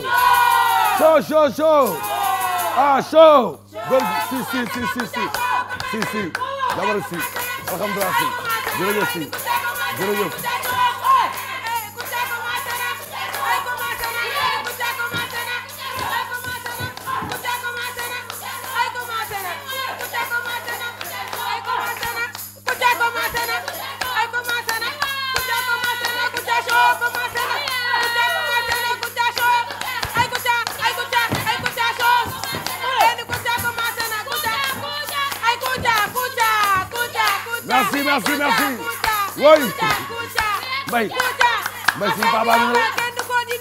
show show show show ah show góor si si si si si si si jabar si alhamdulilah si jërëjëf si jërëjëf boy mbay mbay suñu papa bi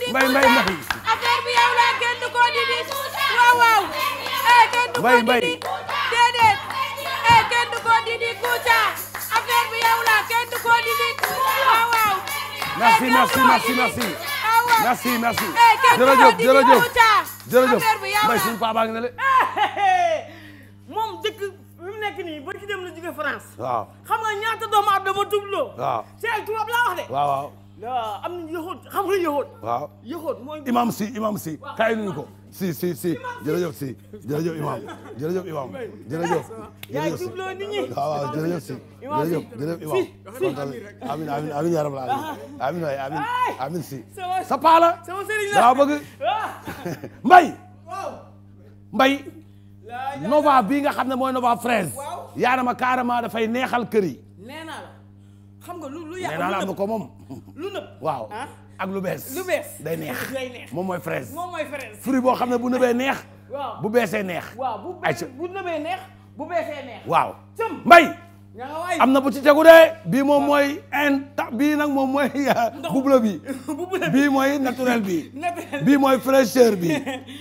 mbay mbay mbay affaire bi yow la kenn du ko dindi waaw waaw eh kenn du ko dindi déedéet eh kenn du ko dindi Kouthia affaire bi yow la kenn du ko dindi waaw waaw merci eh, merci merci merci merci merci jërëjëf jërëjëf jërëjëf mbay suñu papa ngi na le eh, moom dëkk bi mu nekk nii ba ci dem la jóge France waaw ñaata doomu aadama tubloo. waaw Cheikh tubaab laa wax de. waaw waaw. am na yëxoot xam nga yëxoot. waaw yëxoot mooy. imam si imam si kaay nuñu ko. si si si jërëjëf si jërëjëf imam jërëjëf imam jërëjëf. yaa ngi jubloo nit ñi waaw waaw jërëjëf si. jërëjëf jërëjëf imam kontaan amin amin amin yaa rabbal alamin amin waay amin amin si. sa paala. sama sëriñ la daa bëgg. Ah. mbay. mbay. nova bii nga xam ne mooy nova fraise. yaa na ma carrément dafay neexal kër yi. nee naa xam nga lu lu yàq. nee ko moom. lu nëb waaw ah? ak lu bees. lu bees day neex day neex moom mooy fraise. moom mooy fraise fruit boo xam ne bu nëbee neex. bu beesee neex. waaw bu bu nëbee neex bu beesee waaw cëm mbay. am na bu ci tegu de bii moom mooy in bii nag moom mooy bubla bi bii mooy naturel bi bii mooy fraîcheur bi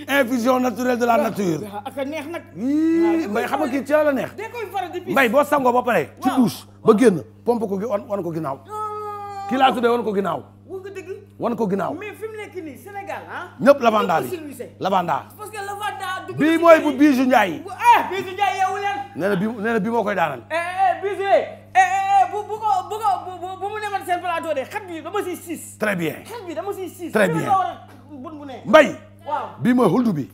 infusion naturelle de la ah, nature ah, neex nag ah, mbay xam nga kii ci la neex mbay boo sangoo ba pare ci douche ba génn pompe ko gi on wan ko ginnaaw kii laa tuddee wan ko ginnaaw wan ko ginaaw mais fi mu Sénégal ah. ñëpp lavanda bi lavanda. parce que lavanda dugg bii mooy bu Bijou Ndiaye. eh Bijou Ndiaye yeewu leen. bi nee koy daanal. Eh eh, eh, eh eh bu bu ko bu ko bu bu mu demoon seen plateau de xet bi dama siy siis. très bien xet bi dama siy siis. très bien mbay. waaw bii mooy huldu bi.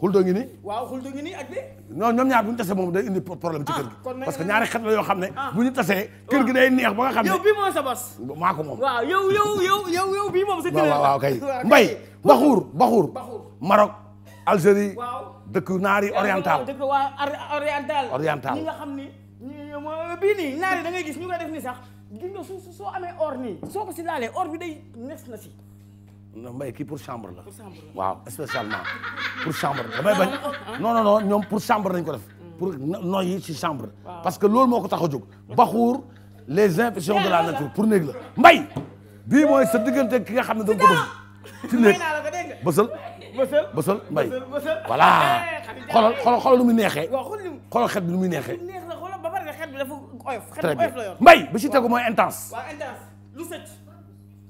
xuldo ngi nii. waaw xuldo ngi nii ak bi. bu ñu moom day indi problème ci kër gi. Ah, parce que ñaari xet yoo xam ne. Ah. bu ñu tasee kër gi day neex ba nga xam ne. yow bii moom sa bos. maa ko moom waaw yow sa. waaw waaw waaw naari oriental. dëkk waa oriental. oriental ñi nga xam ni. bii nii naari da gis ñu koy def ni sax gis nga su soo amee or nii. soo ko si laalee or bi day nes na si. non mbay kii pour chambre la. waaw spécialement pour chambre damay no non non non ñoom pour chambre lañ ko def. Mm. pour noyyi ci chambre. parce que loolu moo ko tax a jóg. baxuur les impressions de la nature pour néeg la mbay. bii mooy sa diggante ki nga xam ne da nga ko te ci néeg bësal. bësal bësal mbay. voilà eh, xoolal xoolal xoolal nu muy neexee. xoolal xet bi nu muy neexee. très bien mbay bi ci tegu mooy intense. waaw lu sëcc.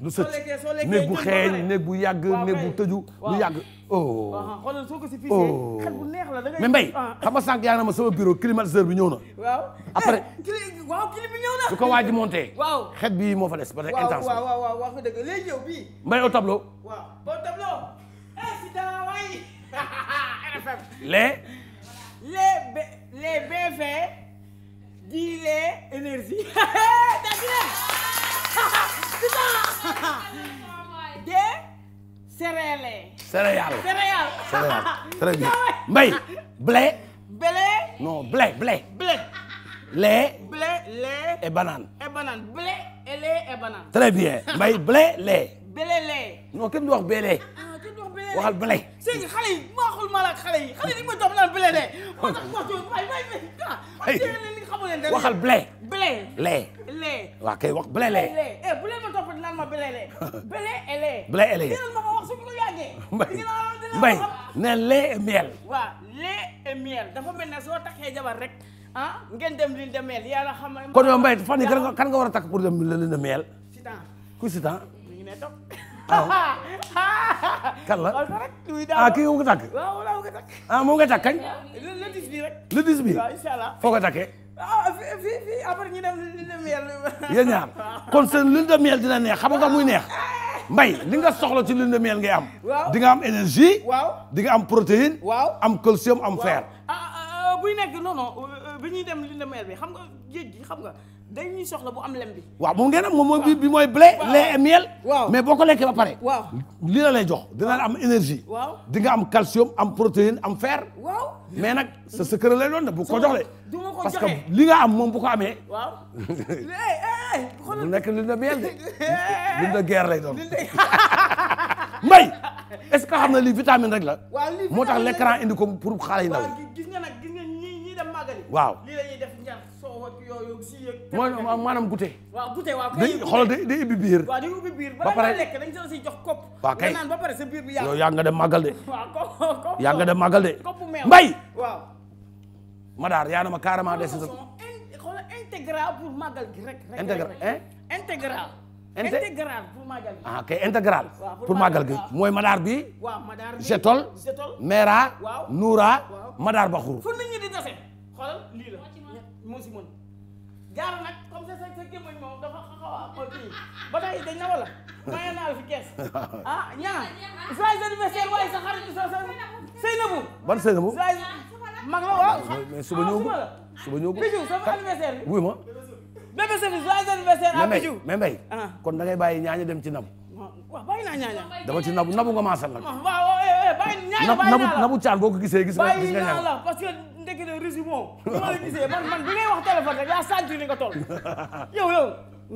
lu sëcc néeg bu xeeñ néeg bu yàgg néeg bu tëju lu yàgg oh. oh. mbay ah. xam nga sànq na ma sama bureau climatiseur bi ñëw na waaw après waaw clim bi ñëw na su ko waa ji monté xet bi moo fa des parce que intense waaw di eh, les énergie céréales. céréales. céréales. très bien mbay. blé. non blé blé. blé. lait. blé lait. et banane. et banane très bien mbay blé lait. non kenn du wax waxal bële. sëñ xale yi maaxul ma la xale yi xale yi ma jox naan bële de. moo tax wax jooju waaye waaye waaye. Ah. li xamul leen dara waxal bële. bële lee. lee waaw kay wax bële lee. lee eh bu leen ma topp naan ma bële lee. bële et lee. bële et lee ma ko wax su ko yàggee. mbay mbay ne lee et miel. waaw lee et miel dafa mel ne soo taxee jabar rek. ah ngeen dem li dem miel yàlla xam kon yow mbay fan yi kan nga war a takk pour dem li dem miel. si temps ku si temps. mi ngi ne toog. kan la ah kii nga takk ah moom nga takk kañ. le dix bi rek. le foo ko takkee. ah fii fii après ñu dem lune de miel. yéen ñaar kon seen lune de miel dina neex xam nga muy neex. mbay li nga soxla ci lune de miel ngay am. dinga am énergie. waaw di nga am protéine. waaw am calcium am fer. Ah, ah, ah buy nekk non non euh, euh, bi ñuy dem lune de miel bii xam nga géej gi xam nga. dañuy soxla bu am waaw moom ngeen am moom mooy bi mooy blé lait et miel. waaw mais boo ko lekkee ba pare. waaw lii la lay jox dina am énergie. waaw di nga am calcium am protéine am fer. waaw mais nag sa sa kër lay doon de bu ko jox du ko parce que li nga am moom bu ko amee. waaw. bu eh, eh, eh, nekk li na miel de li na guerre lay doon. mbay est-ce que xam na lii vitamine rek la. waaw moo tax l'écran indi ko pour xale yi ndaw gis nga nag gis nga ñi ñi dem màggali. waaw lii mooy maanaam goûter. waaw goûter waaw kay. day xoolal day ba pare lekk bi yàqu. yow yaa nga dem màggal de. de. kopp meew mbay. waaw. Madaar yaa na ma carrément des. xoolal intégral pour màggal gi rek. intégral intégral. intégral pour màggal gi. mooy Madaar bi. waaw Madaar bi Madaar Bakhour. fu jaar nag comme sa sa gémmañ moom dafa xaw a xool kii ba tey dañ na wala maye naa la fi kees ah ñaa joyeux anniversaire waaye sa xarit sa sa Seynabou ban Seynabou mag la waaw mais suba ñëwagul suba ñëwagul Bijou sama anniversaire bi wuy ma bébé service joyeux anniversaire à Bijou mais mbay ah. kon da ngay bàyyi ñaaña dem ci nabu waaw bàyyi naa ñaaña dama ci nabu nabu nga maasal nag waaw eh, eh, bàyyi ñaaña bàyyi naa la nabu caan boo ko gisee gis nga ñaaña parce que tekki ne rusi moom bu ma la gisee man man bi ngay wax téléphone rek yaa sentir ni nga toll yow yow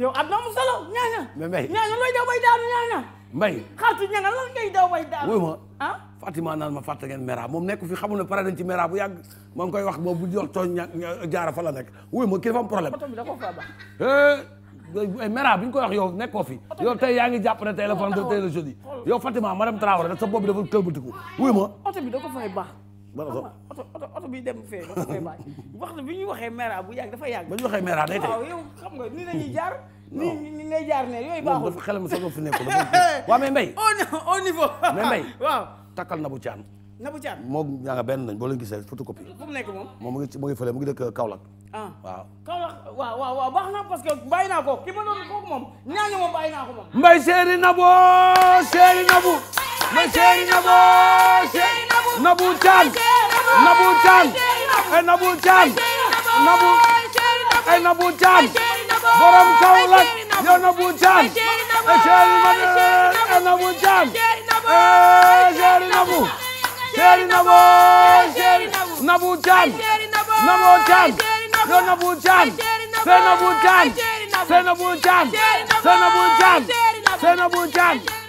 yow adna mu solo ñaaña ñaaña looy daw bay daanu ñaaña mbay xartu ñanga lan daw bay daanu wuy ma ah? Fatima naan ma fàtte ngeen moom nekk fi xamul ne pare nañ ci mera bu yàgg maa ngi koy wax boobu bu jox tooñ jaara fa la nekk wuy ma kii dafa am problème oto bi da ko fa baax mera wax yow nekkoo fi yow tey yaa ngi jàpp ne tey la vendredi tey la jeudi yow Fatima madame Traoré da sa bopp bi dafa tëlbatiku wuy ma oto bi da ko fay baax ban oto oto oto oto bi bi ñu waxee mera bu yàgg dafa yàgg. ba ñu waxee mera day tey waaw yow xam nga ni lañuy jaar. ni ni lay jaar ne yooyu baaxul. dafa xelam sa fi nekkul dafa. waaw mais Mbaye. au na bu caan. Nabou Thiam moom nekk moom. moom mu ngi mu ngi fële mu ngi dëkk Kaolack. Ah. waaw. waaw waaw waaw baax na parce que bàyyi naa ko ki ma doon kooku moom ñaañu moom bàyyi naa ko moom. Mbaye Séeri Nabou Séeri Nabou. mooy Serigne Nabou Nabou Thiam Nabou Thiam ay Nabou Thiam Nabou ay Nabou Thiam borom Kaolack yow Nabou Thiam ay Serigne Nabou ay Nabou Thiam ay Serigne Nabou Serigne Nabou Nabou Thiam Nabou Thiam yow Nabou Thiam Serigne Nabou Thiam Serigne Nabou Thiam Serigne Nabou Thiam Serigne Nabou Thiam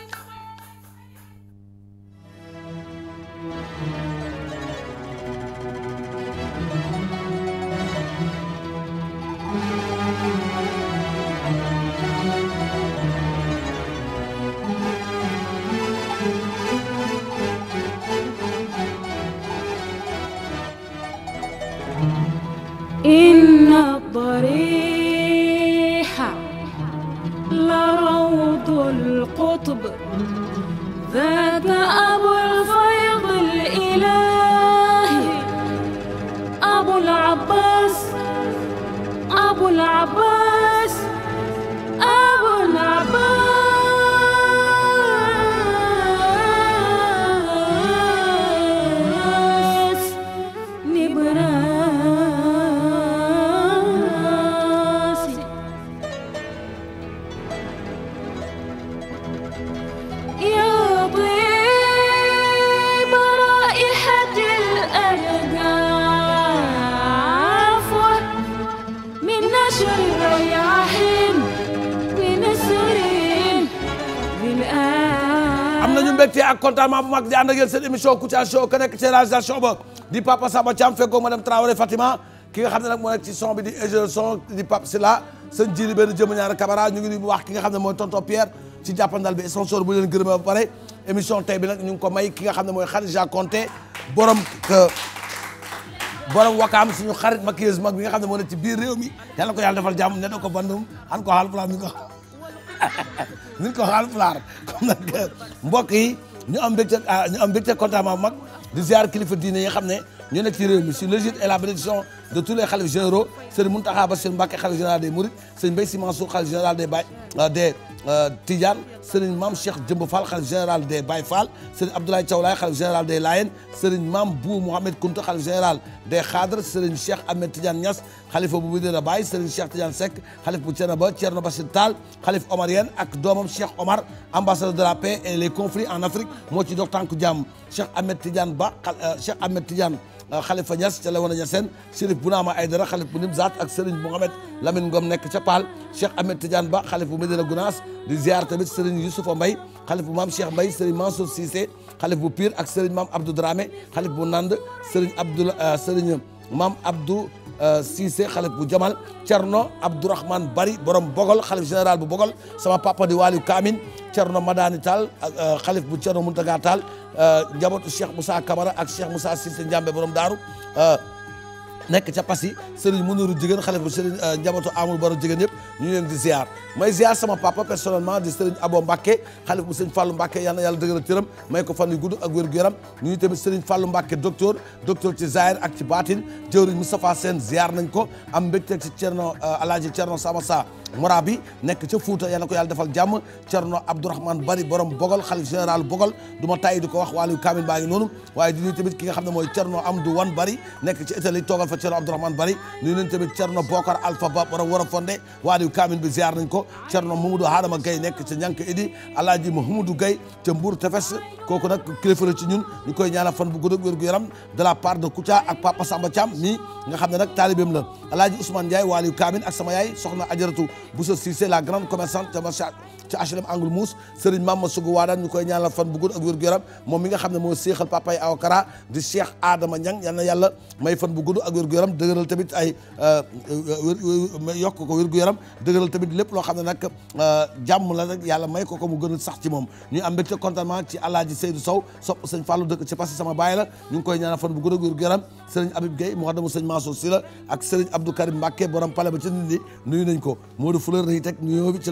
إن également bu mag di ànd ak yéen seen émission Kouthia Show ka nekk ci réalisation ba di Papa Samba Thiam fekkoo madame Traoré Fatima ki nga xam ne nag moo nekk ci son bi di ingénieur son di Pape Silla seen jili benn jëm ñaar Camara ñu ngi nga xam ne mooy tonton Pierre ci jàppandal bi sponsor bu leen gërëmee ba pare émission tey bi nag ñu nga xam ne mooy bi nga xam ne moo nekk ci biir réew mi yàlla ko yàlla defal jàmm ne da ko bandum an ko xaal pulaar ñu ko ñu ko xaal pulaar comme ñu am mbégte ah ñu am mbégte kontaan mag di ziar kilifa diine yi nga xam ne ñoo et la bénédiction de tous les khalifes généraux Serigne Mountakha Bassirou Mbacké khalife général des Mourides Serigne Mbaye Sy Mansour khalife général des Baye euh, des Euh, Tidiane Serigne Mame Cheikh Jëmb Fall xalif général des Baye Fall Serigne Abdoulaye Thiaw Laye xalif général des Layen Serigne Mame Bou Mouhamed Kounta xalif général des Khadre Serigne Cheikh Ahmed Tidiane Niass xalifa bu Médina Baye Serigne Cheikh Tidiane Seck xalif bu Thiénaba Thierno Bachir Tall xalif omarien ak doomam Cheikh Omar ambassadeur de la paix et les conflits en Afrique moo ci dox tànku jàmm Cheikh Ahmed Tidiane Ba euh, Cheikh Ahmed Tidiane Ah, Khalifa Niass ca Léona Niassène Chérif Bounama Aydara xalif bu Nimzaat ak Serigne Mohamed Lamine Ngom nekk ca Paal Cheikh Ahmed Tidiane Ba xalif bu Medina Gounass di ziar tamit Serigne Youssoufa Mbaye xalif bu maam Cheikh Mbaye bu Mansour Cissé xalif bu Pire ak Serigne maam Abdou Dramé xalif bu Nand Serigne Abdoul euh, Serigne maam Abdou Euh, Cissé xalif bu Jamal Cerno Abdourahmane Bari borom Bogol xalif général bu Bogol sama papa di Waliou Kamin Cerno Madani Tall ak euh, xalif bu Cerno Muntaga Tall euh, njabootu Cheikh Moussa Camara ak Cheikh Moussa Cissé Ndiambé borom Daaru nekk ca Passy sëriñ Mounirou Jigéen xale bu sëriñ euh, njabootu amul baro jigéen yëpp ñu leen di ziar may ziar sama papa personnellement di sëriñ Abo Mbacke xale bu sëriñ Fallou Mbacke yal na ko fan yu gudd ak wér ci Zahir ak ci Batin jëwriñ Moustapha Sène ziar nañ ko am mbégte ci Cerno euh, Alaaji Cerno Sama Sa mora bi nekk ca Fouta yal na ko yàlla defal jàmm Cerno Abdourahmane Bari borom Bogol xalif général Bogol du ma tàyyi di ko wax wàllu kaamil baa noonu waaye di nuyu tamit ki nga xam ne mooy Cerno Alpha Thierno Abdourahmane Bari nuyu nañ tamit Thierno Bokar Alpha Ba war a war a fonde waaliyu kaamin bi ziar nañ ko Thierno Mamadou Hadama Gaye nekk ca ñànk idi Alaaji Mahamadou Gaye ca Mbour Tefes kooku nag kilifa la ci ñun ñu ko ñaanal fan bu gudd ak wér de la part de Kouthia ak Papa Samba Thiam mi nga xam ne nag taalibeem la Alaaji Ousmane Ndiaye waaliyu kaamin ak sama yaay soxna Ajaratu Bousso Cissé la grande commerçante ca ci HLM Angle Mousse Serigne Mame Sougou Wadane ñu koy ñaanal fan bu gudd ak wér yaram moom ne moo séexal papay Awkara di yàlla may fan bu gudd ak wér gu yaram dëgëral tamit ay euh, euh, yokk ko wér gu yaram dëgëral tamit lépp loo xam ne nag euh, jàmm la rek yàlla may ko ko mu gën sax ci moom ñuy am mbégte contentement ci Alaaji Seydou Sow sopp sëñ Fallou dëkk ci parce que sama baay la ñu ngi koy ñaanal fan bu gudd ak wér gu yaram Serigne Habib Gueye mu xadamu sëñ Mansour Sylla ak Serigne Abdou Karim Mbacké borom pale ba ci nit ñi ko Modou Fleur dañuy teg nuyoo bi ci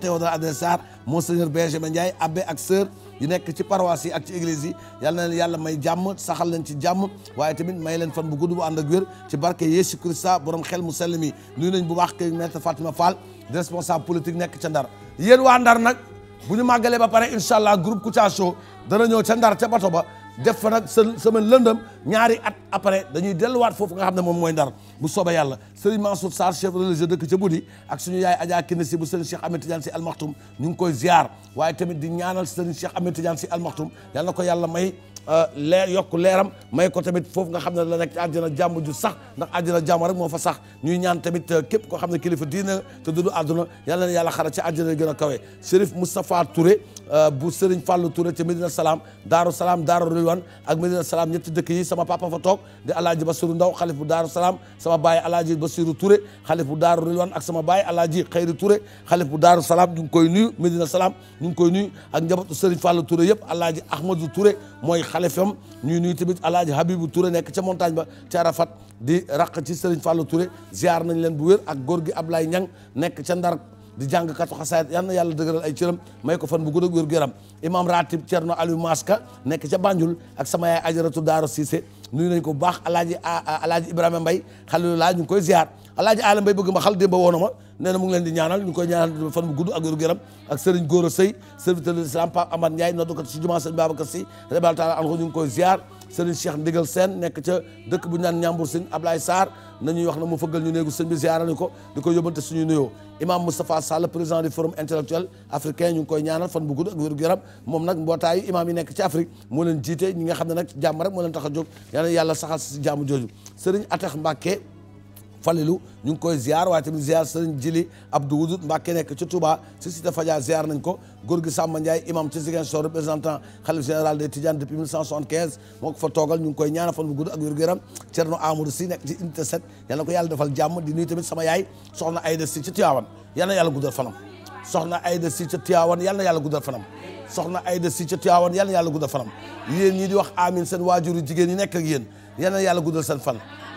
Théodore Adrien Sarr monseigneur Benjamin Ndiaye abbé ak sœur yu nekk ci paroisse yi ak ci église yi na yàlla may jàmm saxal leen ci jàmm waaye tamit may leen fan bu gudd bu ànd ak wér ci barke Yesu Christa borom xel mu sell mi nuyu nañ bu baax kay maître Fatima Fall di responsable politique nekk ca Ndar yéen waa Ndar nag bu ñu màggalee ba pare incha allah groupe Kouthia Show dana ñëw ca Ndar ca bato ba def fa nag semaine lëndëm ñaari at après dañuy delluwaat foofu nga xam ne moom mooy Ndar bu soobee yàlla Serigne Mansour Sarr chef religieux dëkk ca Budi ak suñu yaay Adja Kine si bu Serigne Cheikh Ahmed si Al Maktoum ñu ngi koy ziar waaye tamit di ñaanal Serigne Cheikh Ahmed Tidiane si Al Maktoum ko yàlla may Euh, leer yokk leeram may ko tamit foofu nga xam ne la nekk ci àddina jàmm ju sax ndax àddina jàmm rek moo fa sax ñuy ñaan tamit euh, képp koo xam ne kilifa diina te dudu àdduna yàlla na yàlla xara ci àddina gën a kawe Serif Moustapha Touré euh, bu Serigne Fallou Touré ci Medina Salaam Daaru Salaam Daaru Rilwan ak Medina Salaam ñetti dëkk yi sama papa fa toog di alaaji Basiru Ndaw xalif bu Daaru Salaam sama baay alaaji Basiru Touré xalif bu Daaru Rilwan ak sama baay alaaji Xayri Touré xalif bu Daaru Salaam ñu ngi koy nuyu Medina Salaam ñu ngi koy nuyu ak njabootu Serigne Fallou Touré yëpp alaaji Ahmadou Touré mooy xalifam ñuy nuyu tamit alaaji Habibu Touré nekk ca montagne ba ca rafat di raq ci Serigne Fallou Touré ziar nañ leen bu wér ak góor gi Ablaye Niang nekk ca Ndar di jàng katu xasaayit yal na yàlla dëgëral ay cëram may ko fan bu gudd ak wér gu yaram imam ratib Thierno Aliou Maska nekk ca Banjul ak sama yaay ajaratu Daaro Cissé nuyu nañ ko bu baax alaaji alaaji Ibrahima Mbaye xalilu laa ñu ngi koy ziar alaaji Alam Mbaye bëgg ma xal démba woona ma nee na mu ngi leen di ñaanal ñu ngi koy ñaanal fan bu gudd ak wér gu yaram ak sëriñ Góora Sëy serviteur de l'islam Pape Amad Ndiaye noddukat si jumaa sëriñ ñu ngi koy ziar sëriñ Cheikh Ndigal Sène nekk ca dëkk bu ñu naan Ñambur Sëñ Ablaye Sarr nañuy wax na mu fëggal ñu néegu sëñ bi ziara ni ko di ko yóbbante suñu nuyoo imam Moustapha Sall président du forum intellectuel africain ñu koy ñaanal fan bu gudd ak wér yaram moom nag mbootaayu imam yi nekk ci Afrique moo leen jiite ñi nga xam ne nag jàmm rek moo leen tax a jóg yal na yàlla saxal si jàmm jooju sëriñ Atax Mbàkke Falilu ñu ngi koy ziar waaye tamit ziar sëriñ Jili Abdou Wudut Mbàkke nekk ci Touba si Cité Fadia ziar nañ ko góor gi Samba Ndiaye imam ci Ziguinchor représentant xalif général des Tidianes depuis 1975 moo ko fa toogal ñu ngi koy ñaanal fan bu gudd ak wér gu yaram Cerno Amadou Si nekk ci unité 7 ko yàlla defal jàmm di nuyu tamit sama yaay soxna Ayda Si ci Tiwaawan yal na yàlla guddal fanam soxna Ayda Si ci Tiwaawan yal na yàlla guddal fanam soxna Ayda Si ci Tiwaawan yal na yàlla guddal fanam yéen ñi wax amin seen jigéen yi nekk ak yéen yal na yàlla guddal seen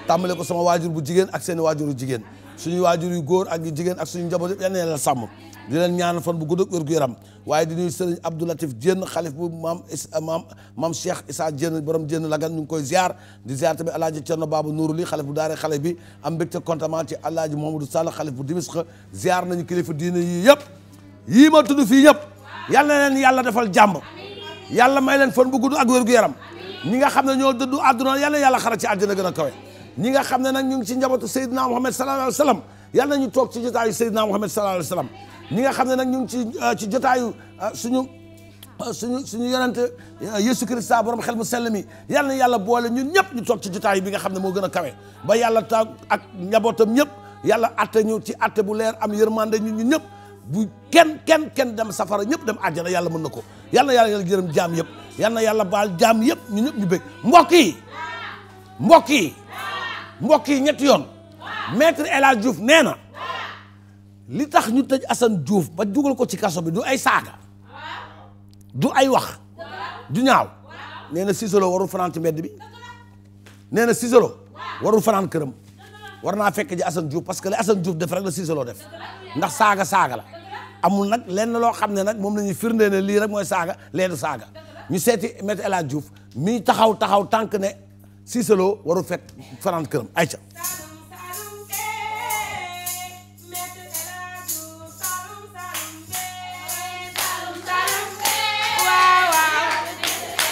tàmbale ko sama waajur bu jigéen ak seen waajuru jigéen suñu waajur yu góor ak yu jigéen ak suñu njaboot yëpp yal na yàlla sàmm di leen ñaan fan bu gudd ak wér gu yaram waaye di nuyu sëriñ Abdou Latif Diène xalif bu maam maam maam Cheikh Issa Diène borom Diène Lagan ñu ngi koy ziar di ziar tamit alaaji Cerno Baabu Nuuru li xalif bu daare xale bi am mbégte contentement ci alaaji Mouhamadou Sall xalif bu Dimisqa ziar nañu kilifa diine yii yëpp yii ma tudd fii yëpp yal na leen yàlla defal jàmm yàlla may leen fan bu gudd ak wér gu yaram ñi nga xam ne ñoo dëddu àdduna yal na yàlla xara ci àddina gën a kawe ñi nga xam ne nag ñu ngi ci njabootu Seydina Muhammad sallallahu alayhi wa sallam yàlla nañu toog ci jotaayu Seydina Muhammad sallallahu alayhi wa sallam ñi nga xam ne nag ñu ngi ci euh, ci jotaayu euh, suñu euh, suñu suñu yonent Yesu Christa borom xel mu sell mi yàlla na yàlla boole ñun ñëpp ñu toog ci jotaay bi nga xam ne moo gën a kawe ba yàlla taag ak njabootam ñëpp yàlla atte ñu ci atte bu leer am yërmande ñun ñu ñëpp bu kenn kenn kenn dem safara ñëpp dem àjjana yàlla mën na ko yàlla na yàlla jërëm jaam yëpp yàlla na yàlla baal jaam yëpp ñu ñëpp ñu bëgg mbokk yi mbokk yi mbokk yi ñetti yoon maître El Hadj Diouf nee na li tax ñu tëj Assane Diouf ba dugal ko ci kaso bi du ay saaga du ay wax du ñaaw nee na Cissé Lo warul fanaan ci mbedd bi nee na Cissé Lo warul fanaan këram war naa fekke ji Assane Diouf parce que li Assane Diouf def rek na Cissé def ndax saaga saaga la amul nag lenn loo xam ne nag moom la ñuy firndee ne lii rek mooy saaga leen du saaga ñu seeti maître El Hadj Diouf mi taxaw taxaw tànk ne Cissé Lo waru fekk fanaan këram ayca. waaw ah, jërëjëf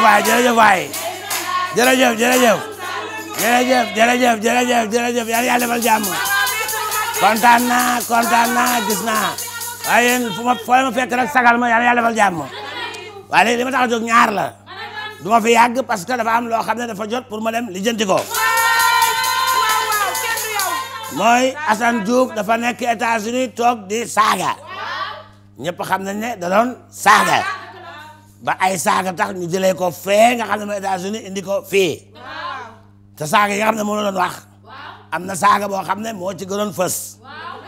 waay jërëjëf waay jërëjëf jërëjëf jërëjëf jërëjëf jërëjëf yàlla yàlla defal jàmm kontaan naa kontaan naa gis naa waaye yéen fekk rek sagal ma yàlla yàlla defal ma tax a jóg ñaar la du loo xam ne dafa jot pour ma lijjanti ko mooy Assane Diouf dafa nekk États-Unis toog di saaga ñëpp xam nañ ne da doon saaga ba ay saaga tax ñu jëlee ko fee nga xam ne mooy États-Unis indi ko fii te saaga yi xam ne moo doon wax. am na saaga boo xam ne moo ci gënoon fës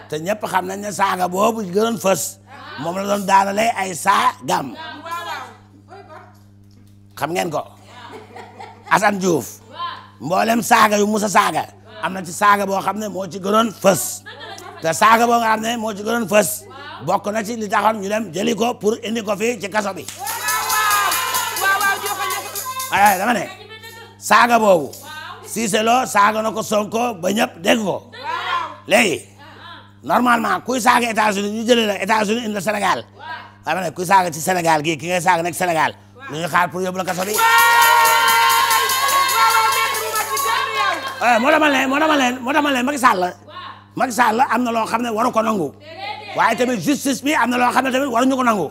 te ñëpp xam nañ ne saaga boobu ci gënoon fës moom la doon daanalee ay saagam xam ngeen ko Assane Diouf mboolem saaga yu musa saaga am na ci saaga boo xam ne moo ci gënoon fës te saaga boo nga xam ne moo ci gënoon fës bokk na ci li taxoon ñu dem jëli ko pour indi ko fii ci kaso bi waaw waaw dama ne saaga boobu Cissé Lo saaga na ko Sonko ba ñëpp dégg ko léegi normalement kuy saaga États-Unis ñu jëlee la États-Unis indi Sénégal ma ne kuy saaga ci Sénégal gii ki ngay saaga nekk Sénégal lu ñu xaar pour yóbbu la kaso bi. Eh, moo dama leen moo dama leen moo dama leen Macky Sall Macky Sall am na loo xam ne war waru ko nangu waaye tamit justice bi am na loo xam ne tamit waruñu ko nangu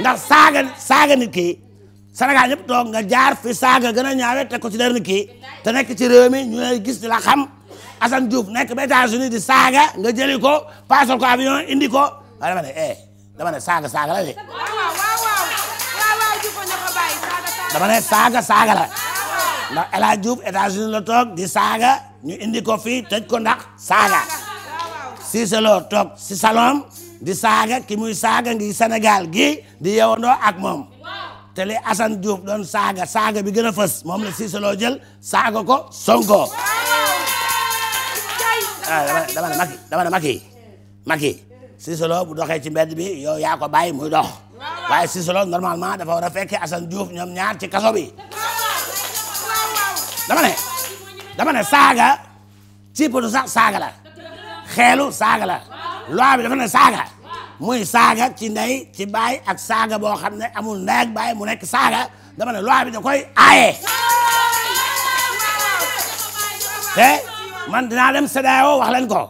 ndax saaga saaga nit ki. Sénégal yëpp toog nga jaar fi saaga gën a ñaawe te ko ci der kii te nekk ci réew mi ñu lay gis di la xam Assane Diouf nekk ba États-Unis di saaga nga jëli ko paasal ko avion indi ko waaye dama ne eh saaga saaga la de. dama ne saaga saaga la toog di saaga ñu indi ko fii tëj ko ndax saaga si saloo toog si salon di saaga ki muy saaga ngi Sénégal gi di yeewandoo ak moom. te li Assane Diouf doon saaga saaga bi gën a fës moom la Cissé jël saaga ko Sonko. ah dama ne Macky dama ne Macky Macky Cissé Lô bu doxee ci mbedd bi yow yaa ko bàyyi muy dox waaye Cissé Lô normalement dafa war a fekk Assane Diouf ñoom ñaar ci kaso bi. dama ne dama ne saaga ci potu saaga la xeelu saaga la loi bi dafa ne saaga. muy saaga ci ndey ci baay ak saaga boo xam ne amul ndey ak baay mu nekk saaga dama ne loi da koy aaye. te man dinaa dem CEDEAO wax leen ko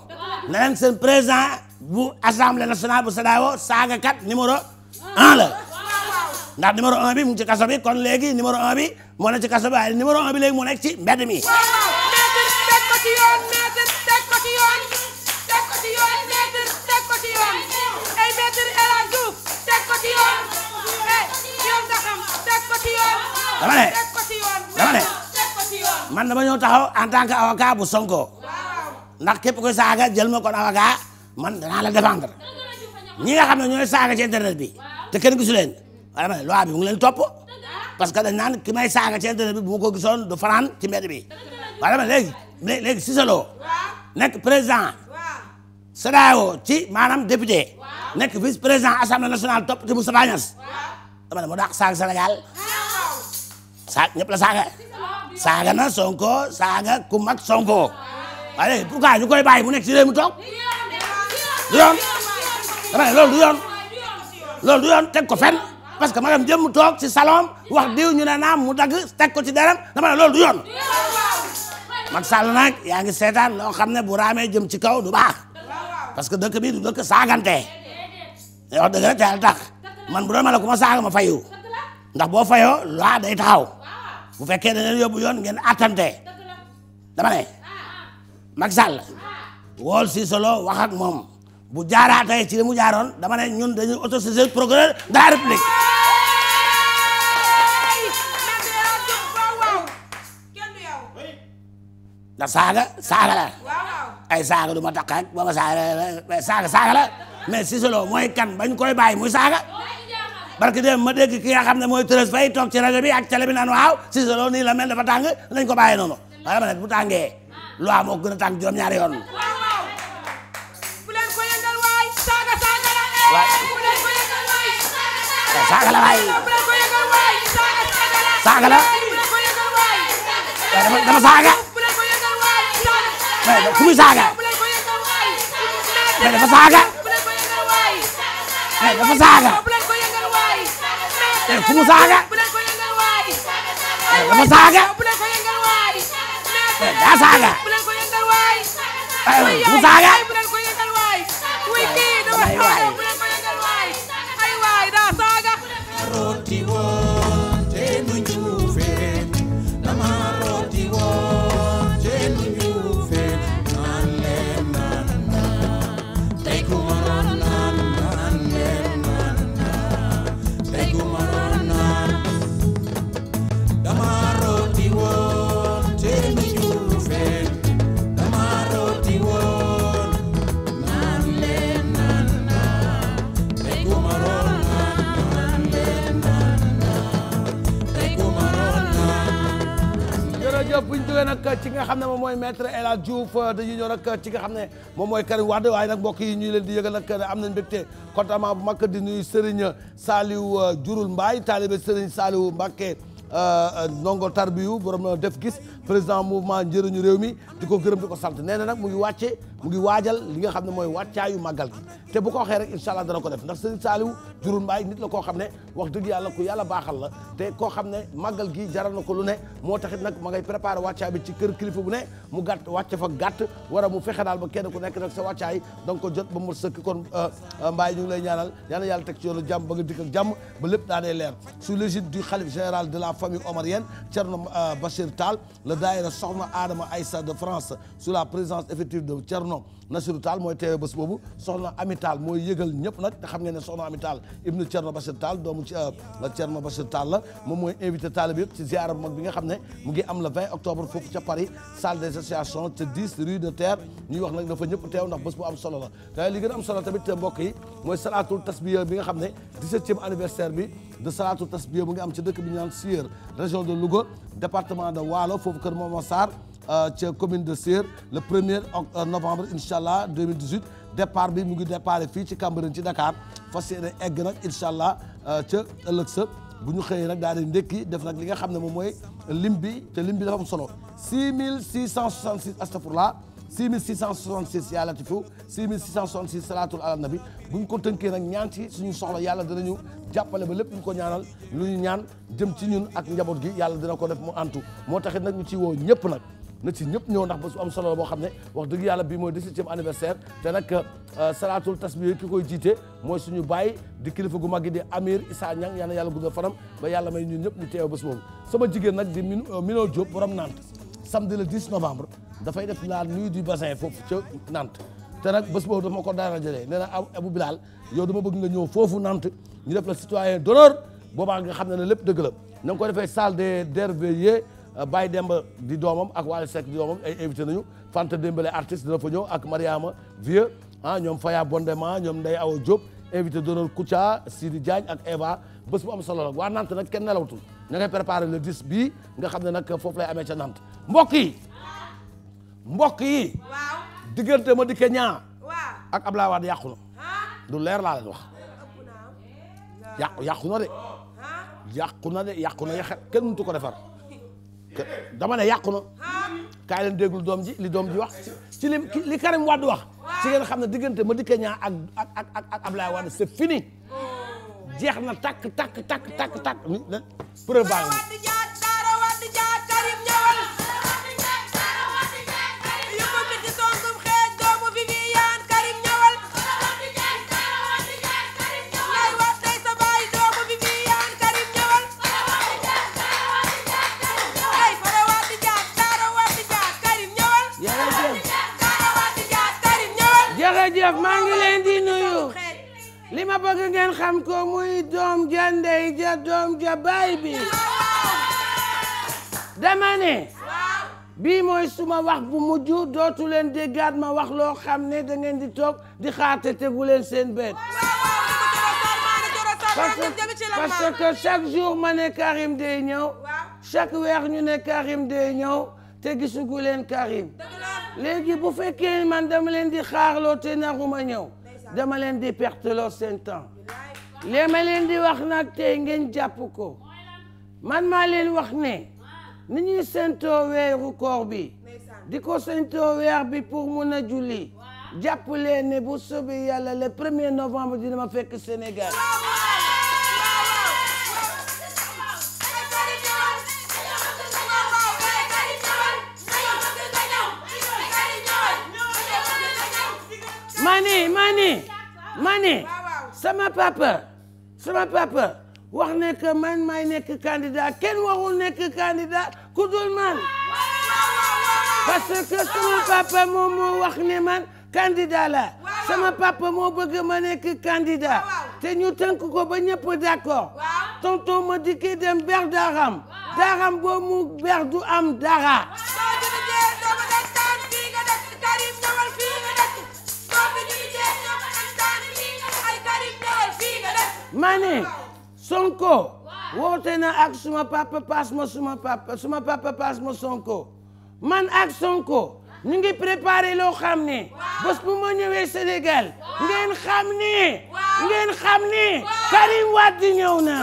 ne leen seen président bu assemblée nationale bu CEDEAO saaga kat numéro un la ndax numéro un mu ngi ci kaso bi kon léegi numéro un bi moo nekk ci kaso bi waaye numéro un bi léegi nekk ci mbedd mi. dama ne dama ne man dama ñëw taxaw en tant que avocat bu Sonko ndax képp koy saaga jël ma kon avocat man danaa la défendre ñi nga xam ne ñooy saaga ci internet bi te kenn gisu leen dama ne loi bi mu leen topp parce que dañ naan ki may saaga ci internet bi bu ma ko gisoon du fanaan ci mbedd bi waaye dama ne léegi léegi Cissé Lo nekk président CEDEAO ci maanaam député nekk vice président assemblée nationale topp ci Moustapha Niasse dama ne moo dàq saag ñëpp la saaga saaga na Sonko saaga ku mag Sonko waaye léegi pourquoi koy bàyyi mu nekk ci réew mi toog du yoon dama ne loolu du yoon loolu du yoon teg ko fenn parce que magam jëm toog ci salon wax diw ñu ne naam mu dagg teg ko ci deram dama ne loolu du yoon Macky Sall yaa ngi seetaan loo xam ne bu raamee jëm ci kaw du baax parce dëkk bi du dëkk saagante wax dëgg rek yàlla tax man bu doon ma la ku ma saaga ma fayu ndax boo fayoo loi day taxaw bu fekkee da leen yóbbu yoon ngeen attante dama ne ah, ah. Macky wool si solo wax ak moom bu jaaraatee ci li mu jaaroon dama ne ñun dañuy autosaisir procureur de la république ndax ah, saaga saaga la ay saaga du ma tax ak ba ma saaga saaga saaga la mais Cissé Lo mooy kan bañ koy bàyyi muy saaga barke dem ma dégg ki nga xam ne mooy Thérèse Faye toog ci rajo bi ak télé bi waaw Cissé Lo nii la mel dafa tàng nañ ko bàyyi noonu waaye dama ne bu tàngee lu am moo gën a tàng juróom-ñaari yoon. bu leen ko yëngal waay saaga saaga la. Eh! saaga. dafa saaga ku daa saaga jógee nag ci nga xam ne moomooy mooy maître El Hadj Diouf euh, dañuy ñëw nag ci nga xam ne moom mooy Karim Wade waaye nag mbokk yi ñuy leen di yëgal nag am nañ mbégte kontaanama bu mag di nuyu Serigne Saliou Jurul euh, Mbaye taalibe Serigne Saliou Mbacké euh, ndongo tarbiyu borom def gis président mouvement njëriñu réew mi di ko gërëm di ko sant nee na nag mu ngi wàcce mu ngi waajal li nga xam ne mooy wàccaayu màggal gi te bu ko waxee rek incha allah dana ko def ndax sëriñ Saaliw jurul mbaay nit la koo xam ne wax dëgg yàlla ku yàlla baaxal la te koo xam ne màggal gi jaral na ko lu ne moo taxit nag ma ngay préparé wàccaay bi ci kër kilifa bu ne mu gàtt wàcc fa gàtt war a mu fexe daal ba kenn ku nekk nag sa wàccaay danga ko jot ba mu sëkk kon euh, euh, mbaay ñu ngi lay ñaanal ñaanal yàlla teg ci yoonu jàmm ba nga dikk ak jàmm ba lépp daanee leer sous l'égide du khalife général de la famille omarienne Thierno euh, Bachir Tall le daayira soxna Adama Aïssa de France sous la présidence effective de Thierno Thierno Nasirou Tall mooy teewe bés boobu soxna Ami Tall mooy yëgal ñëpp nag te xam ngeen ne soxna Ami Tall ibnu Thierno Bachir Tall doomu ci euh, Thierno Bachir la mooy invité taalibe yëpp ci ziara bu mag bi nga xam ne mu ngi am le 20 octobre foofu ca Paris salle des associations ca 10 rue de terre ñuy wax nag dafa ñëpp teew ndax bés bu am solo la waaye li a am solo tamit euh, mbokk yi mooy salaatul tasbiya bi nga xam ne 17e anniversaire bi de salaatul tasbiya mu Euh, ca commune de Sèr le premier euh, novembre incha allah 2018 départ bi mu ngi départ fii ci Cambérène ci Dakar fas yéene egg nag incha euh, ca ëllëg sa bu ñu xëyee nag daal di def nag li nga xam ne moom mooy lim bi te lim bi dafa am solo 6666 astafurlah 6666 yaa latifu 6666 salaatul ala nabi bu ñu ko tënkee nag ñaan ci suñu soxla yàlla ñu jàppale ba lépp ñu ko ñaanal lu ñu ñaan jëm ci ñun ak njaboot gi yàlla dina ko def mu antu moo taxit nag ñu ci woo ñëpp nag. na ci ñëpp ñëw ndax ba su am solo boo xam ne wax dëgg yàlla bii mooy 17e anniversaire te nag euh, salaatul tasbih ki koy jiite mooy suñu baay di kilifa gu mag di Amir Issa Niang yal yàlla guddal fanam ba yàlla may ñun ñëpp ñu teew bés boobu sama jigéen nag di euh, Mino Diop borom Nantes samedi le 10 novembre dafay def la nuit di bassin foofu ca Nantes te ba bés boobu dama ko dara jëlee nee na Abou Bilal yow dama bëgg nga ñëw foofu Nantes ñu def la citoyen d'honneur boobaa nga xam ne dëgg la na Euh, Baye Demba di doomam ak Waly Seck di doomam ay invité nañu Fanta Dembélé artiste dina fa ñëw ak Mariama Vieux ah ñoom Faya Bondema ñoom Ndeye Awa Diop invité d'honneur Koutia Sidi jaañ ak Eva bés bu am solo la waa Nantes nag kenn nelawatul ña ngay préparé le 10 bi nga xam ne nag foofu lay amee ca Nantes mbokk yi mbokk yi diggante ma dikke ñaa waaw ak Abdoulaye Wade yàqu na du leer laa leen wax yàqu yàqu na de yàqu na de yàqu na yàqu kenn mëntu ko defar dama ne yàqu na kaay leen déglu doom ji li doom ji wax ci li li Karim Wade wax ci ngeen xam ne diggante Madické Niang ak ak ak ak ak Ablaye Wade c'est fini jeex na takk takk takk takk takk preuve baa ngi di nuyu li ma bëgg ngeen xam ko muy doom ja ndey ja doom ja baay bi dama ne bii mooy suma wax bu mujj dootu leen déggaat ma wax loo xam ne dangeen di toog di xaate tegu leen seen bët parce que chaque jour ma ne Karim day ñëw chaque weer ñu ne Karim day ñëw te gisugu leen Karim léegi bu fekkee man dama leen di xaarloo te naruma ñëw dama leen di perte loo seen temps li ma leen di wax nag tey ngeen jàpp ko man ma leen wax ne ni ñuy séentoo weeru koor bi di ko séentoo weer bi pour mun a julli jàpp leen ne bu soobee yàlla le premier novembre dina ma fekk Sénégal. mani mani mani sama papa sama papa wax ne que man maay nekk candidat kenn waxul nekk candidat ku dul man parce sama papa moom moo wax ne man candidat la sama papa moo bëgg ma nekk candidat te ñu tënk ko ba ñëpp d'accord tonton ma dikkee dem ber daram daram boo mu ber du am dara ma ne Sonko woote na ak suma papa paas ma suma papa suma papa paas ma Sonko man ak Sonko ñu ngi préparé loo xam ne bés bu ma ñëwee Sénégal ngeen xam ne ngeen xam ne Karim Wade ñëw na.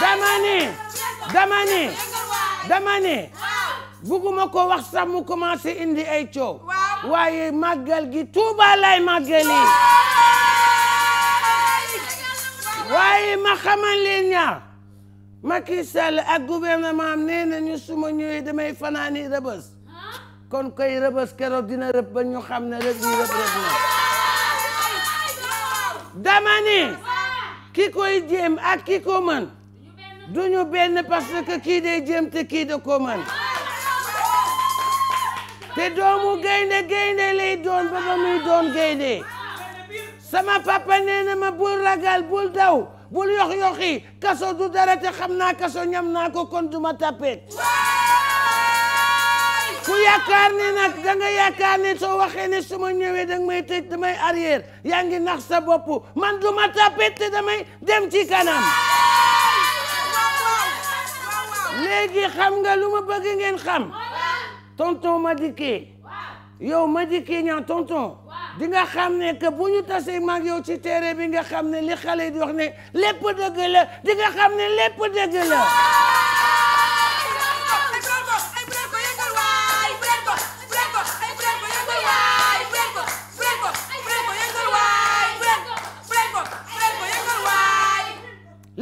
dama dama ne dama ko wax sax mu commencé indi ay coow waaye màggal gi Tuuba lay màggali waaye ma xamal leen ñaar Macky Sall ak gouvernement am nee nañu suma ñëwee damay fanaani rëbës kon koy rëbës keroog dina rëb ba ñu xam ne rëb na dama ne ki jéem ak ki duñu benn parce que kii day jéem te kii da ko man te doomu gaynde gaynde lay doon ba ba muy doon gaynde sama papa nee bul ragal bul daw bul yox-yoxi kaso du dara te xam naa kaso ñam naa ko kon duma tapet ku yaakaar ne nag da yaakaar ne soo waxee ne su ma danga may tëj damay arrière yaa ngi nax sa bopp man duma tapet te damay dem ci kanam léegi xam nga lu ma bëgg ngeen xam tonton Madické yow Madické Niang tonton di nga xam ne que bu ñu mag yow ci tere bi nga xam ne li xale di wax ne lépp dëgg la di xam ne lépp dëgg la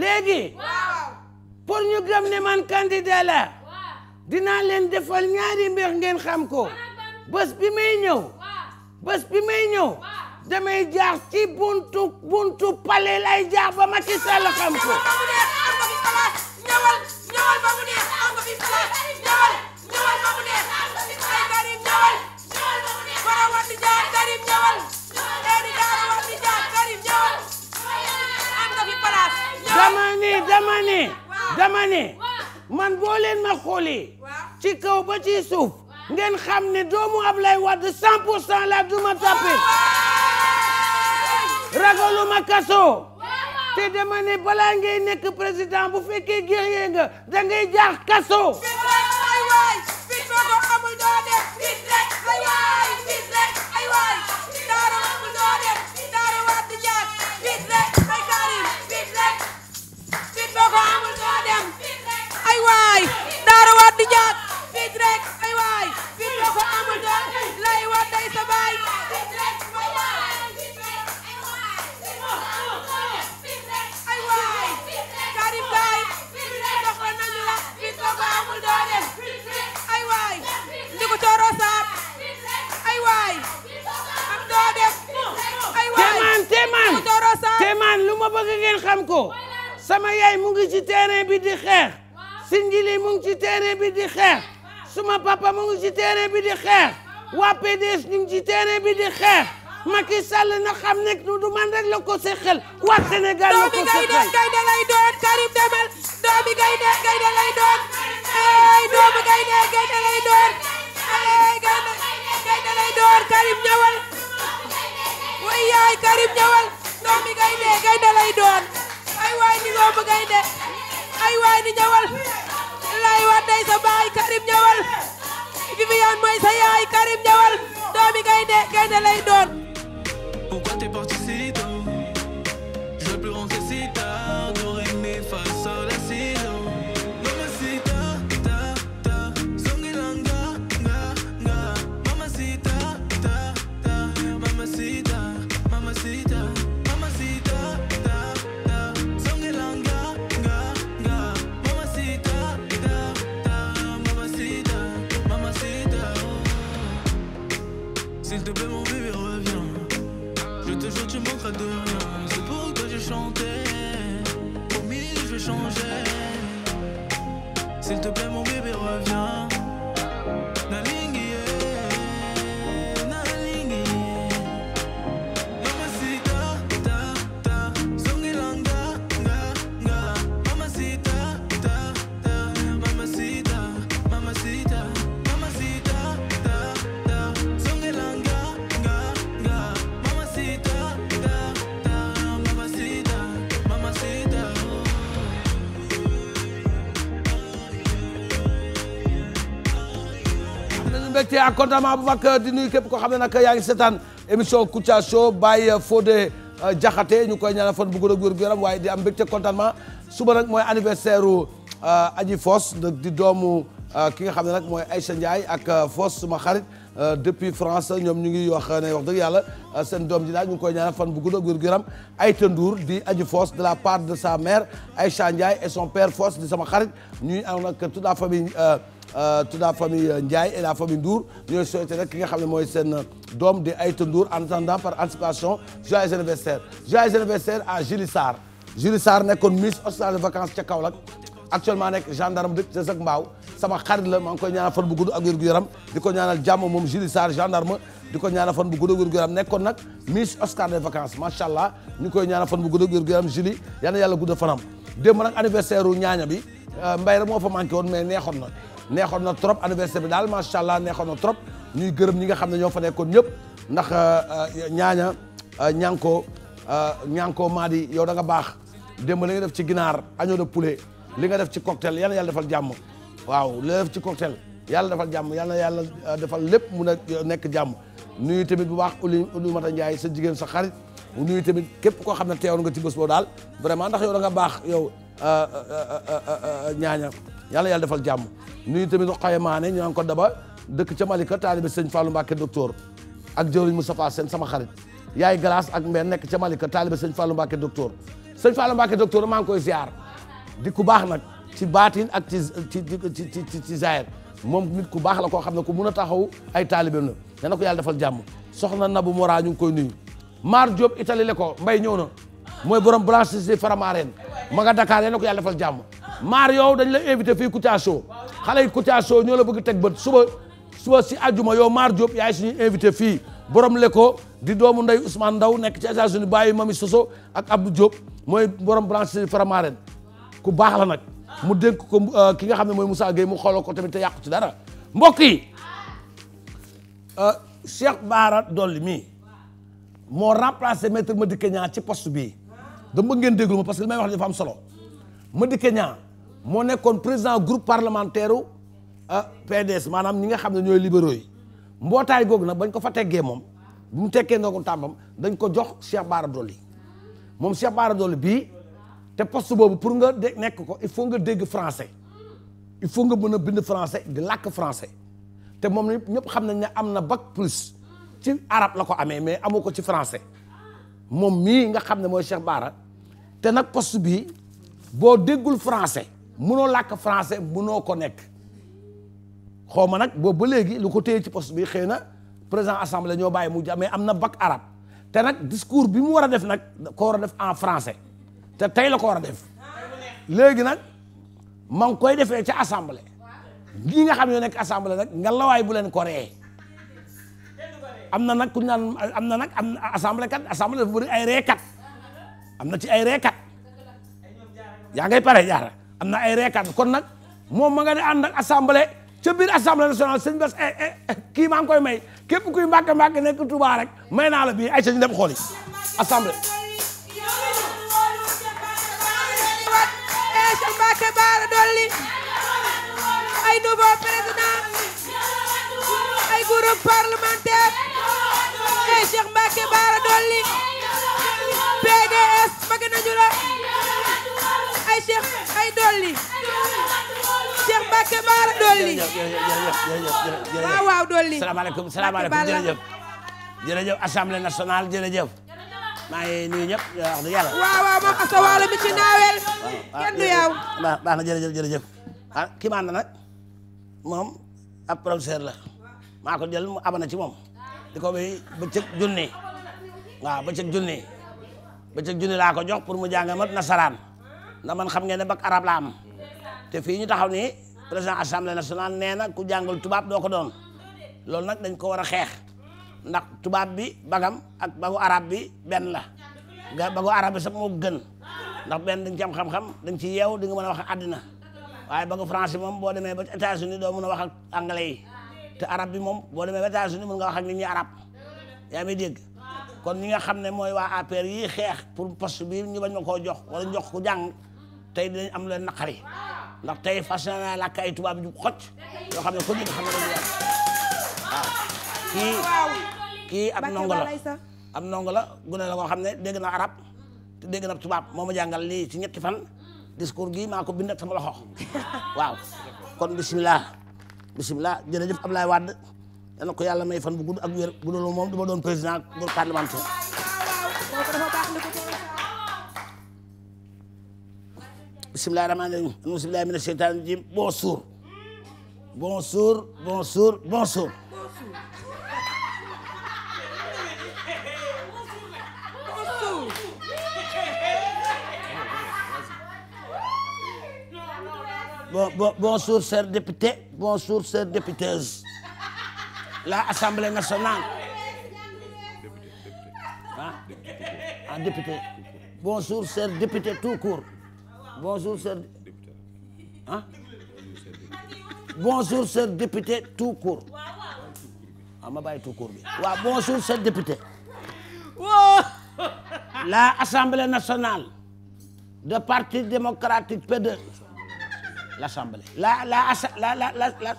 léegi pour ñu gëm ne man candidat la dinaa leen defal ñaari mbir ngeen xam ko bés bi may ñëw bés bi may ñëw damay jaar ci buntu buntu palais lay jaar ba Macky Sall xam ko. dama ni dama ni dama ne man boo leen ma xoolee ci kaw ba ci suuf ngeen xam ne doomu Ablaye Wade cent pour cent la duma tapé ragaluma kaso te dama balaa ngay nekk président bu fekkee guerrier nga da jaax kaso ay waay daara waat di jaat fit rek ay waay fit boo ko amul doon lay waat day sa baay fit rek ay waay ay waay Karim Gaye soxla nañu la fit boo ko amul doole ay waay ndigu cooro saat ay waay am doo def ay waay teemaan teemaan lu ma bëgg ngeen xam ko sama yaay mu ngi ci terrain bi di xeex Sindiély mu ngi ci terrain bi di xeex suma papa mu ngi ci terrain bi di xeex waa PDS ñu ngi ci terrain bi di xeex Macky Sall na xam ne du man rek la ko seqal waa Sénégal la ko seqal. doomi gaynde lay doon Karim demal doomi gaynde gaynde lay doon ay doomi gaynde gaynde lay doon ay gaynde gaynde lay doon Karim ñëwal way yaay Karim ñëwal doomi gaynde gaynde lay doon ay waay ni doomi gaynde ay waay ni ñëwal Abdoulaye Wade day sa baay Karim ñëwal Viviane mooy sa yaay Karim ñëwal doomi gaynde gaynde lay doon mbégte ak kontaan bu mag di képp koo xam ne nag yaa ngi seetaan émission Kouthia Show Baye Fodé euh, Diakhaté ñu ko ñaanal fan bu gën a wér gu waaye di am mbégte contentement suba nag mooy anniversaire u euh, Aji Foss di doomu euh, ki nga xam ne nag mooy ay Ndiaye ak Foss suma xarit depuis France ñoom ñu ngi wax ne wax dëgg yàlla seen doom ji daal ñu ngi koy ñaanal fan bu gudd ak wér gu yaram Aïta Ndour di Aji Foss de la part de sa mère ay Ndiaye et son père Foss di sama xarit ñuy am nag toute la famille Euh, toute la famille euh, Ndiaye e la famille Ndour ñooy souhaité rek ki nga xam ne mooy seen euh, doom di Aïta Ndour en attendant par anticipation joyeux anniversaire joyeux anniversaire à Julie Sarr Julie Sarr nekkoon Miss Océanie de vacances ca Kaolack actuellement nekk gendarme de César Mbao sama xarit la maa ngi koy ñaanal fan bu gudd ak wér gu yaram di ko ñaanal jàmm moom Julie Sarr ko ñaanal fan bu gudd ak wér gu yaram nekkoon nag Miss Oscar des vacances macha allah ñu koy ñaanal fan bu gudd ak wér gu yaram Julie yal na yàlla gudd fanam. démb nag anniversaire ñaaña bi mbay rek moo fa manqué woon neexoon na neexoon na trop anniversaire bi daal macha allah neexoon na trop ñuy gërëm ñi nga xam ne ñoo fa nekkoon ñëpp ndax euh, euh, ñaaña ñankoo euh, ñankoo maa di yow danga baax démb li nga def ci ginaar agneau de poulet li nga def ci cocktail yal na yàlla defal jàmm waaw li nga def ci cocktail yàlla defal jàmm yal na yàlla defal lépp mun a nekk jàmm nuyu tamit bu baax Oly Oly a Ndiaye sa jigéen sa xarit nuyu tamit képp koo xam ne teewoon nga ci bés boobu daal vraiment ndax yow da nga baax yow ñaaña yàlla yàlla defal jàmm nuyu tamit Roqaye Maane ñu naan ko daba dëkk ca Malika taalibe sëñ Fallou Mbacke docteur ak jëwriñ Moustapha Sène sama xarit yaay glace ak mbenn nekk ca Malika taalibe sëñ Fallou Mbacke docteur sëñ Fallou Mbacke docteur maa ngi koy ziar di ku baax nag ci baatin ak ci ci ci ci ci moom ku baax la koo xam ne ku mun a taxaw ay taalibeem la nee ko yàlla defal jàmm soxna Nabou Mora ñu ngi koy nuyu Mar Diop itali le ko mbay ñëw na mooy borom blanchise faramaareen ma nga Dakar yéen a ko yàlla jàmm maar yow dañ la invité fii Kouthia Show xale yi Kouthia Show ñoo la bëgg teg bët suba suba si àjjuma yow maar Diop yaay suñuy invité fii borom le ko di doomu nday Ousmane Ndaw nekk ci États-Unis bàyyi mami Soso ak Abdou Diop mooy borom branche Faramaren ku baax la nag mu dénk ko euh, ki nga xam ne mooy Moussa Gueye mu xooloo ko tamit te yàqu ci dara mbokk yi euh, Cheikh Bara Dolly mii moo remplacé ma di Niang ci post bii dama bëgg ngeen déglu ma parce que li may wax am solo Madické Niang moo nekkoon président groupe parlementaire u euh, PDS maanaam ñi nga xam ne ñooy libéro yi mbootaay googu nag bañ ko fa teggee moom bu mu tekkee ndogu tàmbam dañ ko jox Cheikh Bara yi moom Cheikh Bara Dolly bii te post boobu pour nga nekk ko il faut nga dégg français il faut nga mën a bind français di lakk français te moom ñëpp xam nañ ne am na bac plus ci arabe la ko amee mais amu ko ci français moom mii nga xam ne mooy Cheikh Bara te nag poste bii boo déggul français munoo làkk français munoo ko nekk xaw ma nag boobu ba léegi lu ko téye ci post bi xëy na président assemblée ñoo bàyyi mu mais am na bac arabe te nag discours bi mu war a def nag ko war a def en francais te tey la ko war a def léegi nag ma koy defee ca assemblée ñi nga xam yoo nekk assemblée nag nga lawaay bu leen ko ree am na nag ku ñu naan am na nag am assemblée kat assemblée dafa bëri ay reekat am na ci ay reekat yaa ngay pare jaara am na ay reekaan kon nag moom ma nga ne ànd ak assemblée ca biir assemblée nationale sëñ Bass eh, eh, eh, kii maa ngi koy may képp kuy mbàkke mbàkke nekk Touba rek may naa la bii ay ca ñu dem xool yi assemblée. ay nouveau parlementaire ay Cheikh PDS bëgg nañu la ay Cheikh ay dolli Cheikh Mbacke Baara dolli waaw waaw dolli salaamaaleykum salaamaaleykum jërëjëf jërëjëf assemblée nationale jërëjëf maa waaw waaw moom mi ci naawel ah, kenn du ah, yaaw baax na jërëjëf jërëjëf ah, moom ab la maa jël mu abana ci moom di ko wéy bëccëg junni waaw bëccëg junni junni laa ko jox pour mu jàngal ma nasaraan ndax man xam ngeen ne bac arabe am te fii ñu taxaw nii président assemblée nationale nee na ku jàngul tubaab doo ko doon loolu nag dañ ko war a xeex ndax tubaab bi bagam ak bagu arabe bi benn la ga bagu arabe bi sax moo gën ndax benn dañ ci am xam-xam dañ ci yeewu di nga mën a wax àddina waaye bagu français moom boo demee ba États-Unis doo mën a wax ak anglais yi te arabe bi moom boo demee ba États-Unis mën nga wax ak nit ñi arabe yaa may dégg kon ñi nga xam ne mooy waa APR yi xeex pour poste bi ñu bañ ma koo jox wala jox tey dinañ am leen naqari ndax tey fas naa làkk ay tubaab yu xocc yoo xam ne ko jël xam kii ab ndongo la ab ndongo la gune la koo xam ne dégg na arab te dégg na tubaab moo ma jàngal lii ci ñetti fan discours gi maa ko bind ak sama loxo waaw kon bisimilah bisimilah jërëjëf Ablaye Wade yal na ko yàlla may fan bu gud ak wér bu loolu moom du doon président groupe parlementaire bismillahi rahmaani rahim bismillahi mina sheytaani rajim bonjour bonjour bonjour bonjour bon bon bonjour chers députés bonjour chers la assemblée nationale ah député bonjour chers députés tout court bonjour sër ah bonjour sër député tout court ah ma bàyyi tout court bi waaw bonjour sër député la nationale de parti démocratique PD l'assemblée la la la la la la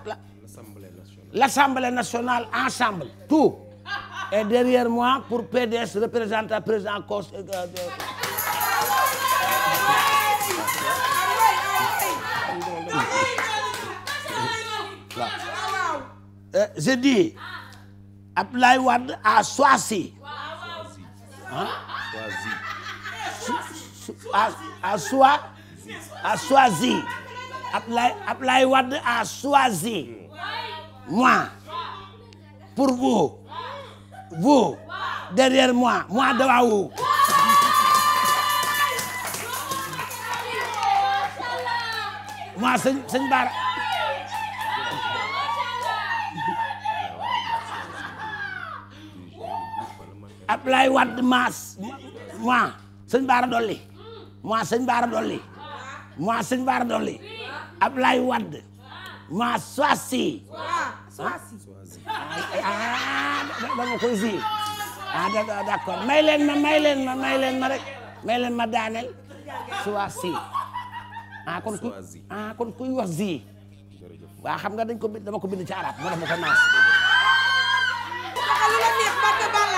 l'assemblée nationale ensemble tout est derrière moi pour PDS représentant président cos Euh, je dis Abdoulaye Wade à Soissy. ah à Soissy. à Soissy. Abdoulaye moi pour vous vous derrière moi moi devant vous. moi sëñ sëñ Ablaye Wade maas moi sëñ Baara Dolli moi sëñ Baara Dolli moi sëñ Baara Dolli Ablaye Wade moi soisi ah, ah dama koy leen ma ah, may leen ma may leen ma may leen ma daaneel soisi ah kon kuy ah kon kuy wax zi waa xam nga dañ ko dama ko bind ci arab moo tax ma ko maas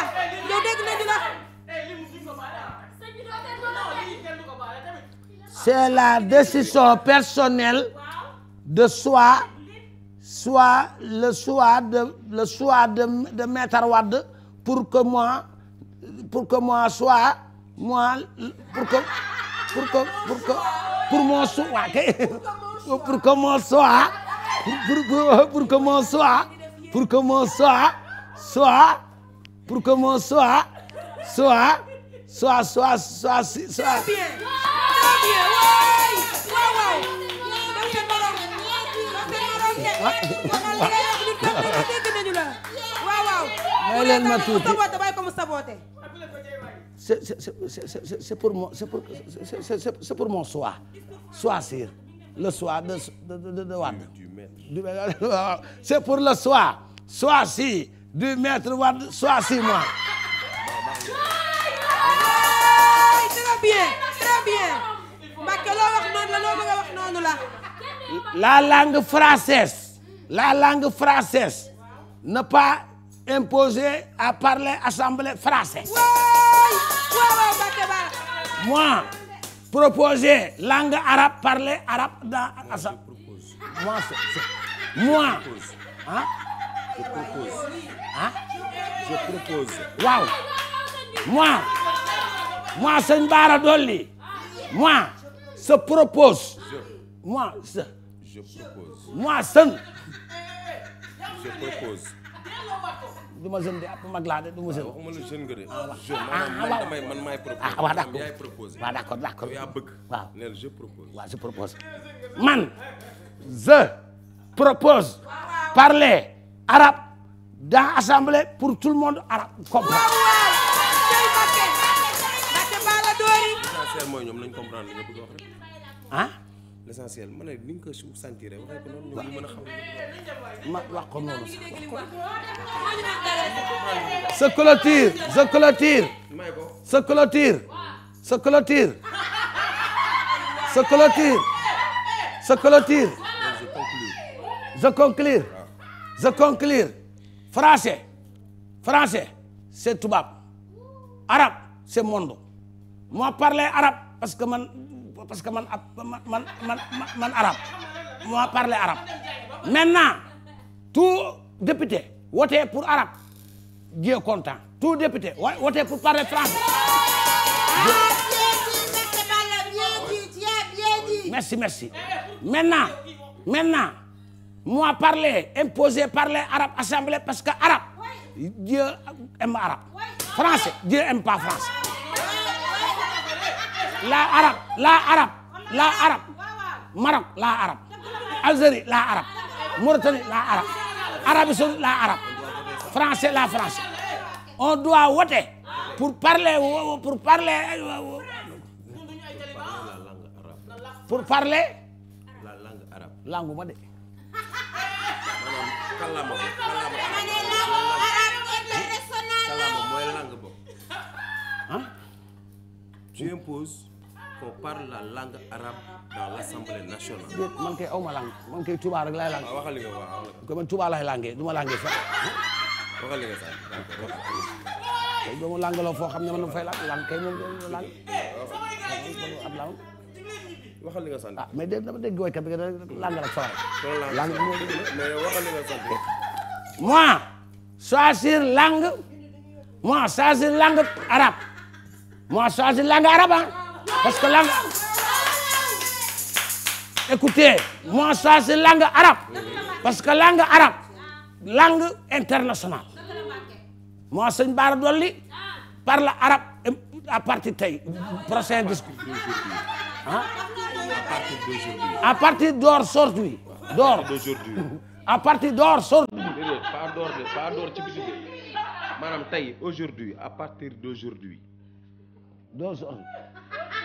c'est la décision personnelle de soi soit le choix de le choix de de Maître Wade pour que pour que moi soit moi pour que pour que pour que pour mon choix pour que mon choix may leen ma tuuti c'est c'est c'est pour mon c'est pour c'est pour mon choix choix sir le choix de de de Wade c'est pour le choix choix si du maître Wade choix si moi très bien très bien Mbàkke loo wax noonu loo bëgg noonu la. la langue française la langue française ne pas imposer parler assemblée française. moi proposer langue arabe parler arabe dans assemblée. moi moi ah. je propose ah. moi. se propose. moi se. je propose. moi sën. Eh, eh, eh, je propose. du ma jeune de ab mag laa de du ma jeune. Ah, waxuma la jeune nga de. Ah, je ah, maanaam man man maay proposé. ah waaw yaay proposé. waaw d' accord d' accord yaa bëgg. waaw neel je propose. waaw je propose man. je propose. parler arabe dans assemblée pour tout le monde arabe comprendre. waaw waaw. mooy ñoom nañ comprendre li nga bëgg wax rek. ah l' essentiel ma ne ni nga ko suuf sentir waxee ko noonu ñu mën a xam ma wax ko sa clôture sa clôture sa clôture sa clôture sa clôture sa moi parler arabe parce que man parce que man man man man man arabe moi parler arabe maintenant tout député voté pour arabe Dieu content tout député voté pour parler français. merci merci maintenant maintenant moi parler imposer parler arabe assemblée parce que arabe Dieu aime arabe français Dieu aime pas français. la arab la arab la arab Maroc la arab Algérie la arab Mauritanie la arab Arabie Saoudite la arab français la français on doit voter pour parler pour parler la langue arabe qu'on parle la langue arabe dans l'Assemblée nationale. déet man kay aw ma langue man kay tubaab rek laay langue. waaw ah, waxal li nga wax man tubaab laay langue du ma langue sax. waxal li nga sax kay doomu langue la foo xam ne man dama fay langue langue kay moom langue. ab eh, langue. waxal li nga sant. ah mais dégg dama dégg woykat bi nga langue la sawar. langue moo dégg mais waxal li nga sant. moi choisir langue moi choisir langue arabe moi choisir langue arabe ah. Parce que langue... Écoutez, moi ça c'est langue arabe. Parce que langue arabe, langue internationale. Moi, Sëñ Bara Dolly parle arabe à partir tey prochain discours. Hein? À partir d'aujourd'hui. D'or. À partir d'aujourd'hui. Pas d'or, d'or ci bisu. Maanaam tey aujourd'hui, à partir d'aujourd'hui. D'aujourd'hui.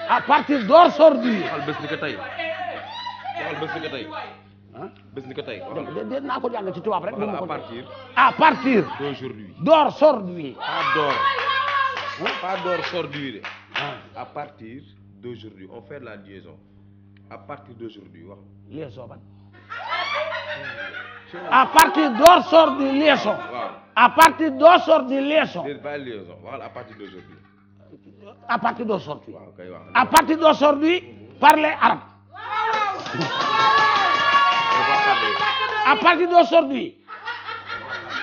à partir d'aujourd'hui. waxal bés ni ko tey waxal bés ni ko tey. ah bés ni ko tey. dégg naa ko jàng ci tubaab rek. waxal à partir à partir. d'aujourd'hui d'aujourd'hui. pas d'or pas d'aujourd'hui de. à partir d'aujourd'hui on fait la liaison à partir d'aujourd'hui wax. liaison ban. à partir d'aujourd'hui liaison. waaw à partir d'aujourd'hui liaison. déedéet pas liaison waxal à partir d'aujourd'hui à partir d'aujourd'hui à partir d'aujourd'hui parlez arabe à partir d'aujourd'hui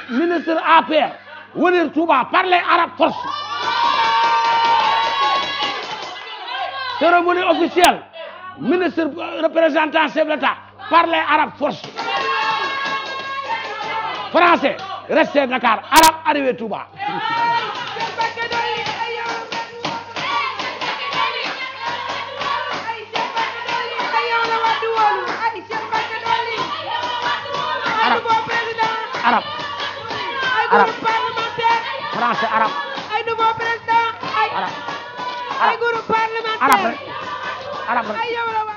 ministre APR wëneel Touba parlez arabe force cérémonie officielle ministre euh, représentant chef d'État parlez arabe force français restez Dakar arabe arrivé Touba arab arab français arab ay nouveau président ay arab arab arab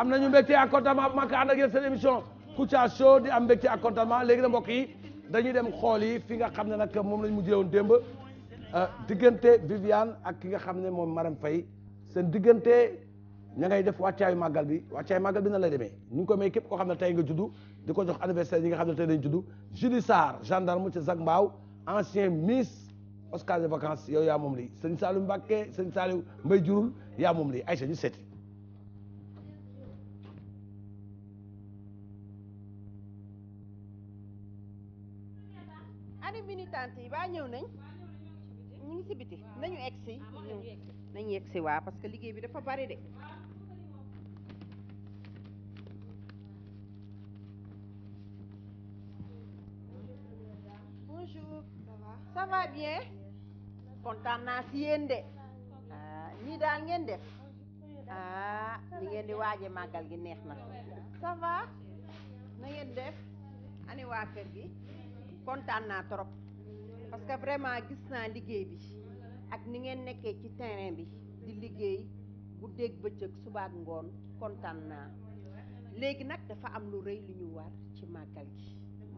am nañu mbégte ak contentement bu mag ànd ak yéen seen émission Show di am mbégte ak contentement léegi na mbokk yi dañuy dem xool yi fi nga xam ne nag moom lañ mujjee woon démb euh, diggante Viviane ak ki nga xam ne moom Marème Faye seen diggante ña ngay def wàccaayu màggal bi wàccaayu màggal bi nan lay demee ñu ngi ko may képp koo xam ne tey nga juddu di ko jox anniversaire yi nga xam ne tey dañ juddu Julie Sarr gendarme ci Zac Mbao ancien Miss Oscar de vacances yaa moom lii sëñ saalu Mbacké sëñ Saliou Mbaye Jurul yaa moom lii Aïcha ñu seeti tante yi baa ñëw nañ ñu ngi si biti nañu egg si ah, nañu egg waa parce que liggéey bi dafa bari de bonjour ça bien kontaan naa si yéen de ñii ah, daal ngeen def ah li ngeen di waaje màggal gi neex na ça na ngeen def gi kontaan naa trop parce que vraiment gis naa liggéey bi ak ni ngeen nekkee ci terrain bi di liggéey bu guddeeg bëccëg subaak ngoon kontaan naa léegi nag dafa am lu rëy lu ñu war ci màggal gi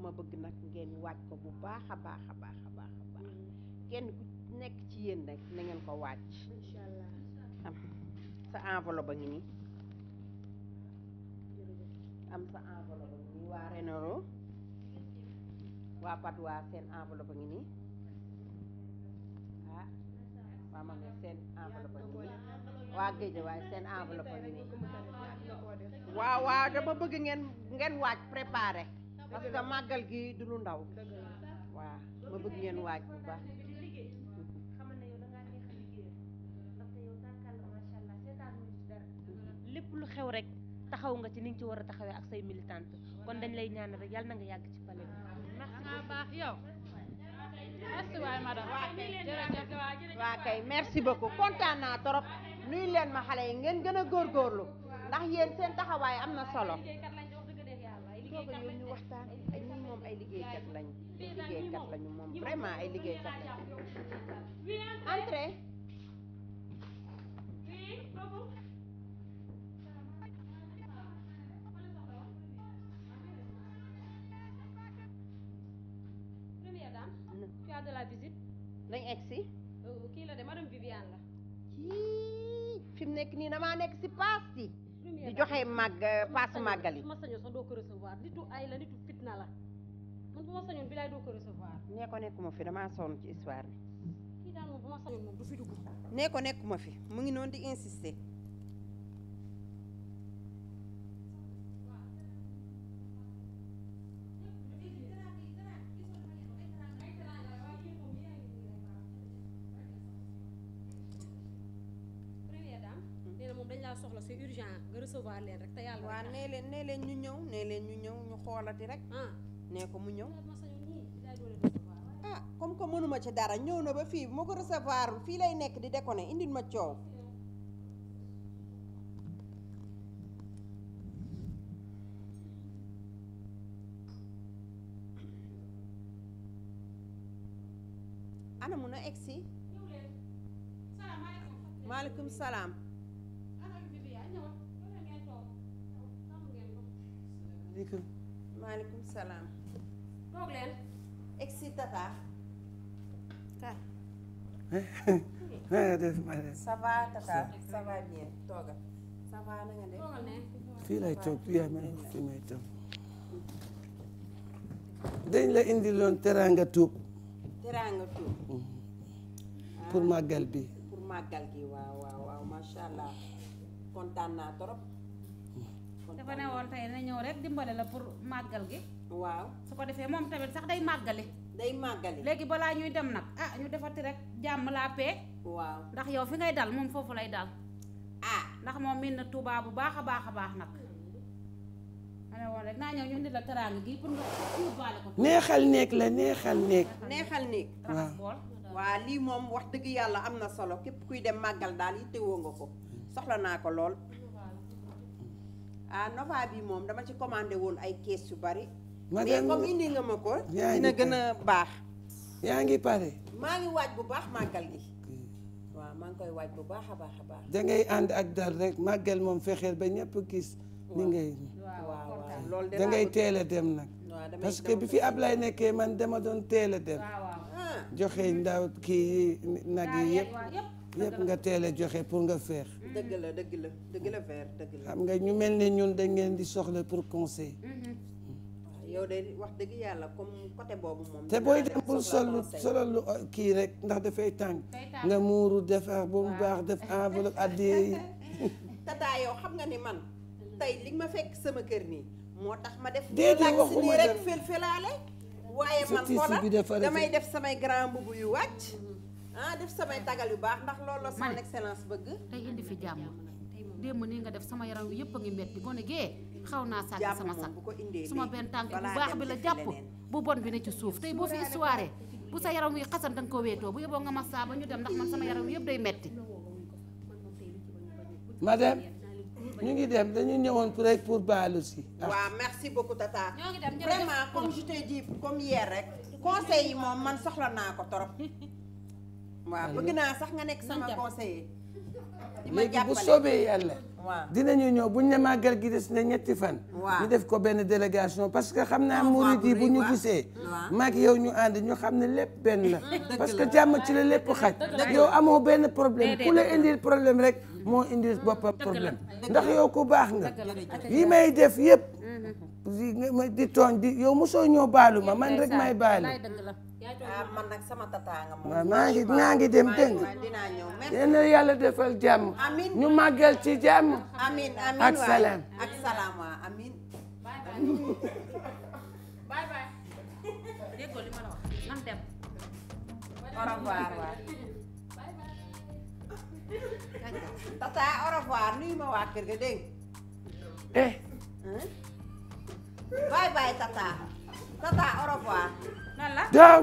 ma bëgg nag ngeen waaj ko bu baax a baax a baax a baax a baax kenn ku nekk ci yéen rek na ngeen ko waaj am sa enveloppe a ngi nii am sa enveloppe a ngi nii waa waa Patte seen enveloppe a ngi nii Mama Mbaye seen enveloppe nii waa géej waaye seen enveloppe nii waaw waaw dama bëgg ngeen ngeen waaj préparé parce que màggal gi du lu ndaw waaw ma bëgg ngeen waaj bu lépp lu xew rek taxaw nga ci ni ci war a taxawee ak say militante kon dañ lay ñaan rek yàlla na yàgg ci palais bi yow merci waay madame jërëjëf waa kay merci beaucoup kontaan naa trop nuyu leen ma xale yi ngeen gën a góorgóorlu ndax yéen seen taxawaay am na solo tooga ñoom ñu waxtaan ay ñun moom ay liggéeykat lañu lañu moom vraiment ay liggéeykat lañu entrée tu as de la visite. nañ egg si. Euh, kii la de madame Viviane la. fi mu nekk nii damaa nekk si paas di di joxe màgg euh, paasu màggal yi. ma sañoon sax doo ko recevoir nitu ay la nitu fitna la man bu ma sañoon bilaay doo ko recevoir. nee ko nekkuma fi damaa sonn ci histoire bi. kii daal moom bu ma sañoon moom du fi dugg. nee ko nekkuma fi mu ngi noonu di insister. recevoir leen rek te yàlla. waaw leen nee leen ñu ñëw nee leen ñu ñëw ñu xoolati rek. Ah. nee ko mu ñëw. ah comme que mënuma ci dara ñëw na ba fii moo ko recevoir fii lay nekk di déconné indil ma coow. ana mun a egg si. salaam. salaamaaleykum. maaleykum salaam. toog leen. egsi tata. yaa eh, eh, may fii may toog. dañ la indi loon teraanga tuub. teraanga tuub. Mm-hmm. Ah. màggal bi. pour màggal gi waaw allah kontaan naa trop. dafa ne woon tey na ñëw rek dimbale la pour màggal gi. waaw su ko defee moom tamit sax day màggale. day màggale léegi balaa ñuy dem nag ah ñu defati rek jàmm laa pee. ndax yow fi ngay dal moom foofu lay dal. ah ndax moom miin na Touba bu baax a baax a baax nag. ma ne woon rek naa ñëw ñu indi la teraanga gi pour nga neexal néeg la neexal néeg. neexal néeg waa lii moom wax dëgg yàlla am na solo képp kuy dem màggal daal yittewoo nga ko soxla naa ko lool. ah Nova bi moom dama ci commandé woon ay kees yu bari. ma mais comme indi nga ma ko. dina gën a baax. yaa ngi pare. maa ngi waaj bu baax màggal gi. waaw maa ngi koy waaj bu baax a baax a baax. da ànd ak dal rek màggal moom fexeel ba ñëpp gis. ni ngay loolu da ngay teel a dem nag. parce que bi fi Ablaye nekkee man dama doon teel a dem. Ah. joxe ndaw kii nag yi yëpp. yëpp nga teel a joxe pour nga feex. dëgg la dëgg la dëgg la vert dëgg la. xam nga ñu mel ne ñun dañ ngeen di soxla pour conseil. Mm-hmm. yow de wax dëgg yàlla comme côté boobu moom. te booy dem pour solo solo uh, kii rek ndax dafay tànk nga muuru defar ba mu baax def enveloppe addé yi. tata yow xam nga ni man tey li ma fekk sama kër nii moo tax ma def. déedéet waxuma rek fel felaale. waaye man xoolal damay def samay grand mbubu yu wàcc. ah def samay dagal yu baax ndax loolu la son excellence bëgg. tey indi fi jàmm démb nii nga def sama yaram wi yëpp a ngi metti gone gee xaw naa sàkk sama sax suma benn tànk bu baax bi la jàpp bu bon bi ne ci suuf tey boo fi histoire bu sa yaram wi xasan danga ko wéetoo bu yóbboo nga ma saa ba ñu dem ndax man sama yaram wi yëpp day metti ma madame ñu ngi dem dañu ñëwoon pour rek pour si. Ah. waaw merci beaucoup tata. ñoo ngi dem vraiment comme je t'ai dit comme hier rek conseil yi moom man soxla naa ko trop. waaw bëgg naa sax nga nekk sama conseiller. di ma léegi bu soobee yàlla. waaw dinañu ñëw bu ñu ne màggal gi des na ñetti fan. ñu def ko benn délégation parce que xam naa ah, murid yi bu ñu gisee. maak yow ñu ànd ñu xam ne lépp benn la. parce que jàmm ci la lépp xaj. yow amoo benn problème ku la indi problème rek moo indil boppam problème. ndax yow ku baax nga. yi may def yëpp. di tooñ di yow mosoo ñoo baalu ma man rek may baalu. Ah, man nag sama tataanga moom. maa ngi maa ngi dem dégg yéen a yàlla defal jàmm. amiin ñu màggal ci jàmm. amiin amiin ak salaam ak salaam waaw amiin. bye bye. déggoo li ma la wax nan dem. au revoir waay. tata au revoir nuyu ma waa kër ga dégg eh. bye bye tata tata au revoir. nan la ah?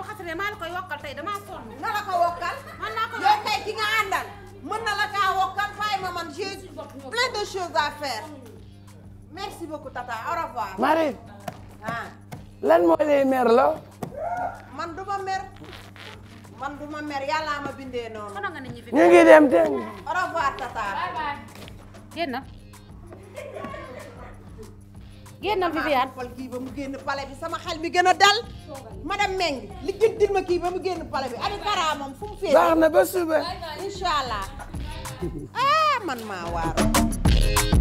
maa la koy wokkal tey damaa sonn. na la wokkal. man naa ko yow tey ki nga wokkal bàyyi ma man j'ai plein de choses à faire. merci ah. lan moo lay mer la. man du mer. man du ma mer yàlla ma bindee noonu. ñu dem dem. au revoir tata. bye bye. génn. mu génn pale bi sama xel mi gën a dal. madame Mengue li gën ma kii mu génn pale bi Ami fu mu baax na ba suba. incha allah ah, man maa waaru.